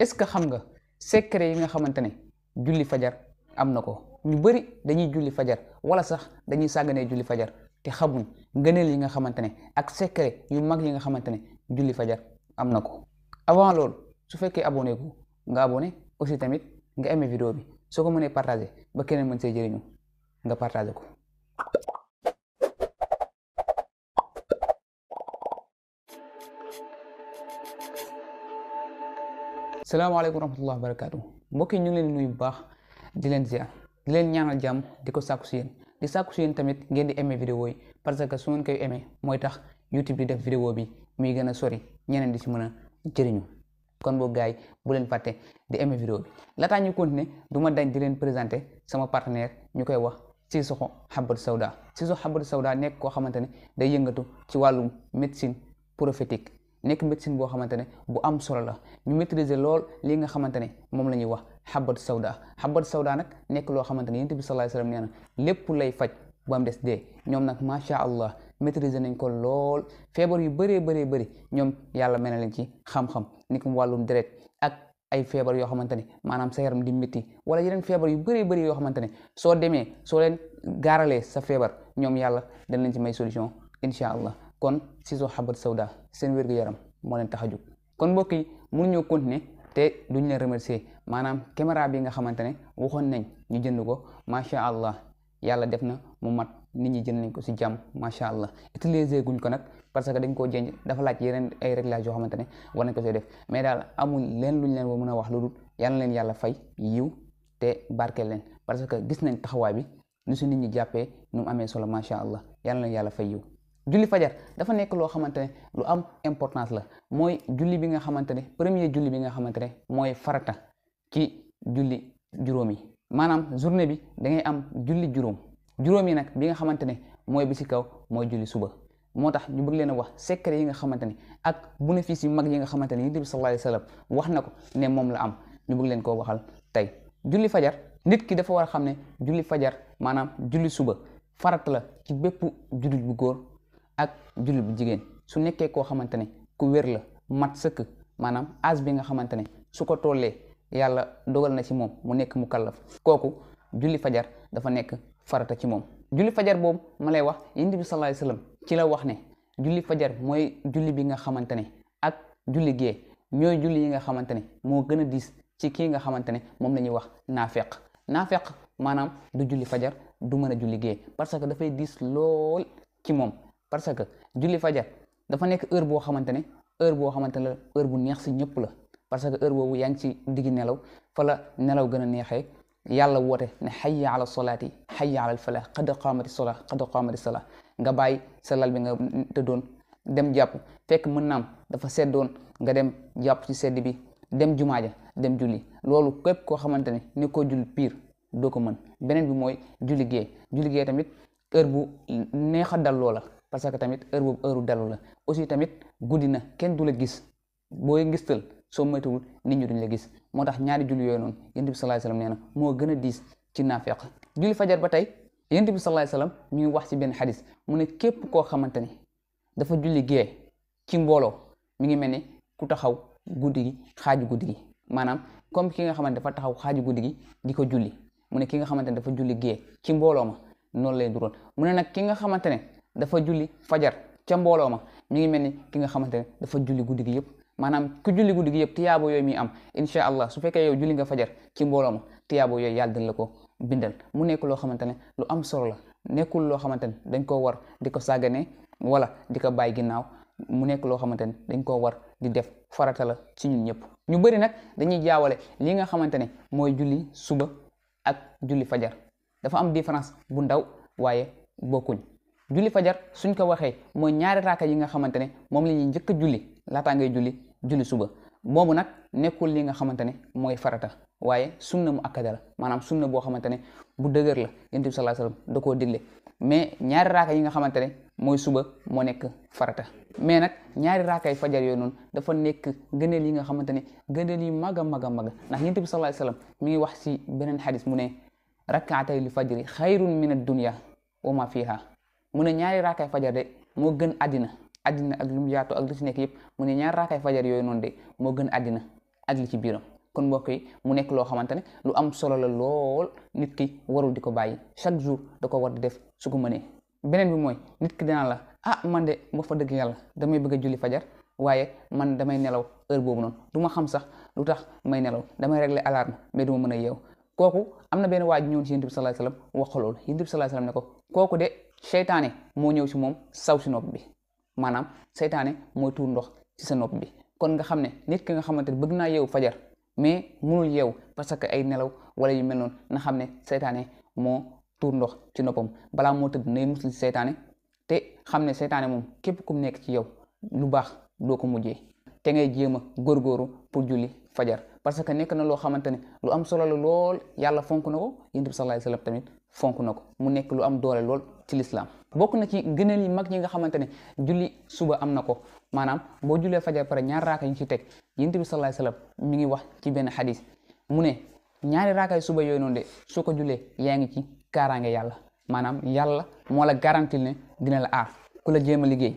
est-ce que xam nga secret yi nga xamante ne julli fajar am na ko ñu bëri dañuy julli fajar wala sax dañuy sàgganee julli fajar te xamuñ ngëneel yi nga xamante ne ak secret yu mag yi nga xamante ne julli fajar am na ko avant loolu su fekkee abonné ku nga abonné aussi tamit nga aimé vidéo bi soo ko mënee partagé ba keneen mën see jëriñu nga partagé ko salaamaaleykum wa rahmatulah wa barakaatu mbokk yi ñu ngi leen nuyu bu baax di leen ziar di leen ñaanal jàmm di ko sàkku si yéen di sàkku si yéen tamit ngeen di aimé vidéo yi parce que su ngeen koy aimé mooy tax YouTube di def vidéo bi muy gën a sori ñeneen di si mën a jëriñu kon boo gaay bu leen fàtte di aimé vidéo bi laataa ñu continuer du ma dañ di leen présenter sama partenaire ñu koy wax Sissoko Habbatu Sauda Sissoko Habbatu Sauda nekk koo xamante ne day yëngatu ci wàllum médecine prophétique. nekk médecine boo xamante ne bu am solo la ñu maîtriser lool li nga xamante ne moom la ñuy wax xabat sawda xabat sawda nag nekk loo xamante ne yonent bi sallallahu alayhi wasallam nee lay faj ba des dee ñoom nag macha allah maîtriser nañ ko lool feebar yu bëree bëree bëri ñoom yàlla mel na leen ci xam-xam ni ko wàllum deret ak ay feebar yoo xamante ne maanaam sa yaram di métti wala yeneen feebar yu bëree bëri yoo xamante ne soo demee soo leen gaaralee sa feebar ñoom yàlla dañ leen ci may solution incha allah kon ciseaux xabat sawda seen wér yaram moo leen tax a jóg kon mbokk yi mënuñoo continuer te ñu leen remercier maanaam caméra bi nga xamante ne waxoon nañ ñu jënd ko macha allah yàlla def na mu mat nit ñi jënd nañ ko si jàmm macha allah utiliser guñ ko nag parce que dañ koo jënd dafa laaj yeneen ay réglages yoo xamante ne war ko see def mais daal amul leen luñ leen woo mën a wax lu dul yàlla leen yàlla fay yiw te barke leen parce que gis nañ taxawaay bi nu si nit ñi jàppee nu amee solo macha allah yàlla leen yàlla fay yiw julli fajar dafa nekk loo xamante ne lu am importance la mooy julli bi nga xamante ne premier julli bi nga xamante ne mooy farata ci julli juróom maanaam journée bi da ngay am julli juróom juróom yi nag bi nga xamante ne mooy bi si kaw mooy julli suba moo tax ñu bëgg leen a wax secret yi nga xamante ne ak bénéfice yu mag yi nga xamante ne yonent bi sa alayhi wax na ko ne moom la am ñu bëgg leen koo waxal tey julli fajar nit ki dafa war a xam ne julli fajar maanaam julli suba farata la ci bépp jullit góor ak jullit bu jigéen su nekkee koo xamante ne ku wér la mat sëkk maanaam âge bi nga xamante ne su ko tollee yàlla dogal na ci moom mu nekk mu kallaf kooku julli fajar dafa nekk farata ci moom julli fajar boobu ma lay wax yonent bi sallallahu ci la wax ne julli fajar mooy julli bi nga xamante ne ak julli gee ñooy julli yi nga xamante ne moo gën a diis ci kii nga xamante ne moom la ñuy wax naafeq naafeq maanaam du julli fajar du mën a julli gee parce que dafay diis lool ci moom parce que julli fajar dafa nekk heure boo xamante ne heure boo xamante ne heure bu neex si ñëpp la parce que heure boobu yaa ngi ci diggi nelaw fala nelaw gën a neexee yàlla woote ne xayya ala solaati xayya ala falaa qad qaamati solaa qad qaamati solaa nga bàyyi sa lal bi nga tëddoon dem jàpp fekk mën naam dafa seddoon nga dem jàpp ci sedd bi dem jumaaja dem julli loolu képp koo xamante ne ni ko julli piir doo ko mën beneen bi mooy julli gee julli gee tamit heure bu neex a dal loola parce que tamit heure boobu heure dalu la aussi tamit guddi na kenn du la gis booy ngistal soo moytuwul nit ñi duñ la gis moo tax ñaari julli yooyu noonu yonent bi sallallahu alayhi wasallam nee na moo gën a diis ci naafeq julli fajar ba tey yonent bi sallallahu alayhi wasallam ñu ngi wax ci benn xadis mu ne képp koo xamante ni dafa julli gee ci mbooloo mi ngi mel ni ku taxaw guddi gi xaaju guddi gi maanaam comme ki nga xamante dafa taxaw xaaju guddi gi di ko julli mu ne ki nga xamante ne dafa julli gee ci mbooloo ma noonu lay duroon mu ne nag ki nga xamante ne dafa julli fajar ca mbooloo ma mi ngi mel ni ki nga xamante ne dafa julli guddi gi yëpp maanaam ku julli guddi gi yëpp tiyaabo yooyu muy am incha allah su fekkee yow julli nga fajar ci mbooloo ma tiyaabo yooyu yàlla dina la ko bindal mu nekk loo xamante ne lu am solo la nekkul loo xamante ne dañ koo war di ko sàggane wala di ko bàyyi ginnaaw mu nekk loo xamante ne dañ koo war di def farata la ci ñun ñëpp ñu bëri nag dañuy jaawale li nga xamante ne mooy julli suba ak julli fajar dafa am différence bu ndaw waaye bokkuñ julli fajar suñ ko waxee mooy ñaari raaka yi nga xamante ne moom la ñuy njëkk a julli laataa ngay julli julli suba boobu nag nekkul li nga xamante ne mooy farata waaye sunna mu akkada la maanaam sunna boo xamante ne bu dëgër la yonent bi sallallahu da koo digle mais ñaari raaka yi nga xamante ne mooy suba moo nekk farata mais nag ñaari raakay fajar yooyu noonu dafa nekk gëneel yi nga xamante ne gëneel yi mag a mag mag ndax yonent bi sa alayhi mi ngi wax si beneen xadis mu ne rakkaatay li fajri xayrun min ad dunya wa ma fiha mu ne ñaari raakaay fajar de moo gën addina addina ak lu mu yaatu ak lu si nekk yëpp mu ne ñaari raakaay fajar yooyu noonu de moo gën àddina ak ci biiram kon mbokk yi mu nekk loo xamante ne lu am solo la lool nit ki warul di ko bàyyi chaque jour da ko war di def su ko mënee beneen bi mooy nit ki dinaa la ah man de moo fa dëgg yàlla damay bëgg a julli fajar waaye man damay nelaw heure boobu noonu du ma xam sax lu tax may nelaw damay régler alarme mais du mën a yeew kooku am na benn waaj ñëwoon si yonent bi sallallahu loolu yonent bi sallallahu alayhi ko seytaane moo ñëw si moom saw si nopp bi maanaam seytaane mooy tuur ndox ci sa nopp bi kon nga xam ne nit ki nga xamante ne bëgg naa yeewu fajar mais mënul yeewu parce que ay nelaw wala yu mel noonu na xam ne seytaane moo tuur ndox ci noppam balaa moo tëdd nay musli seytaane te xam ne seytaane moom képp ku nekk ci yow lu baax doo ko mujjee te ngay jéem a góorgóoru pour julli fajar parce que nekk na loo xamante ne lu am solo la lool yàlla fonk na ko yonent bi sallallahu alayhi wasallam tamit fonk na ko mu nekk lu am doole lool ci lislaam bokk na ci gënal yi mag ñi nga xamante ne julli suba am na ko maanaam boo jullee fajar pare ñaari raaka yi ñu ci teg yonent bi sallallahu alayhi wasallam mi ngi wax ci benn xadis mu ne ñaari raakaay suba yooyu noonu de soo ko jullee yaa ngi ci kaaraange yàlla maanaam yàlla moo la garantil ne dina la aar ku la jéem a liggéey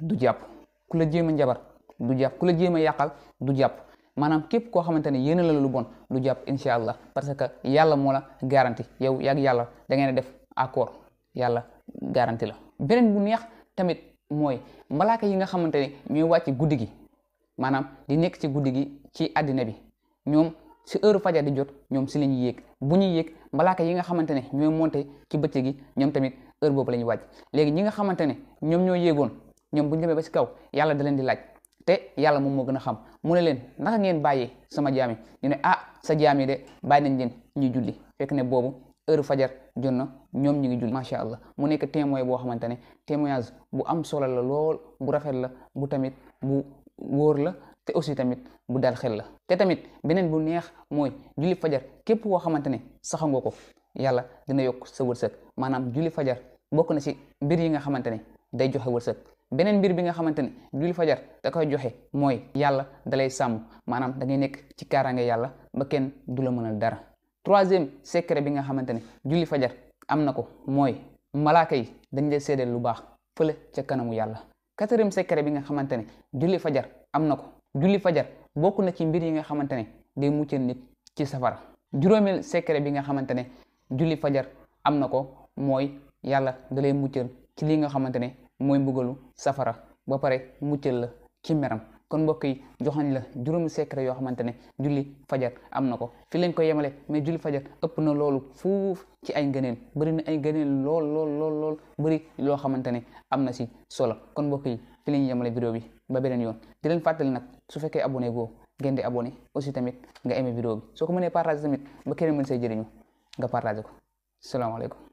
du jàpp ku la jéem a njabar du jàpp ku la jéem a du jàpp maanaam képp koo xamante ne yéena la lu bon du jàpp incha allah parce que yàlla moo la garanti yow yàgg yàlla da ngeen def accord yàlla garanti la beneen bu neex tamit mooy malaaka yi nga xamante ne ñooy wàcc guddi gi maanaam di nekk ci guddi gi ci àddina bi ñoom si heure fajar di jot ñoom si la ñuy yéeg bu ñuy yéeg malaaka yi nga xamante ne ñooy monté ci bëccëg gi ñoom tamit heure boobu la ñuy wàcc léegi ñi nga xamante ne ñoom ñoo yéegoon ñoom bu ñu demee ba si kaw yàlla da leen di laaj te yàlla moom moo gën a xam mu ne leen naka ngeen bàyyi sama jaami yi ñu ne ah sa jaam yi de bàyyi nañ leen ñu julli fekk ne boobu heure fajar jot na ñoom ñu ngi julli macha allah mu nekk témoin boo xamante ne témoignage bu am solo la lool bu rafet la bu tamit bu wóor la te aussi tamit bu dal xel la te tamit beneen bu neex mooy julli fajar képp koo xamante ne saxangoo ko yàlla dina yokk sa wërsëg maanaam julli fajar bokk na si mbir yi nga xamante ne day joxe wërsëg beneen mbir bi nga xamante ne julli fajar da koy joxe mooy yàlla dalay sàmm maanaam da ngay nekk ci kaaraange yàlla ba kenn du la mënal dara troisième secret bi nga xamante ne julli fajar am na ko mooy malaaka yi dañ lay seedeel lu baax fële ca kanamu yàlla quatrième secret bi nga xamante ne julli fajar am na ko julli fajar bokk na ci mbir yi nga xamante ne day muccal nit ci safara juróomeel secret bi nga xamante ne julli fajar am na ko mooy yàlla dalay muccal ci li nga xamante ne mooy mbugalu safara ba pare muccal la ci meram kon mbokk yi joxañ la juróomi secret yoo xamante ne julli fajar am na ko fi lañ ko yemale mais julli fajar ëpp na loolu fuuf ci ay ngëneel bëri na ay ngëneel lool lool lool lool loo xamante ne am na si solo kon mbokk yi fi lañ yemale vidéo bi ba beneen yoon di leen fàttali nag su fekkee abonné goo ngeen di abonné aussi tamit nga aimé vidéo bi soo ko manee partager tamit ba keneen mën say jëriñu nga partager ko salaamaaleykum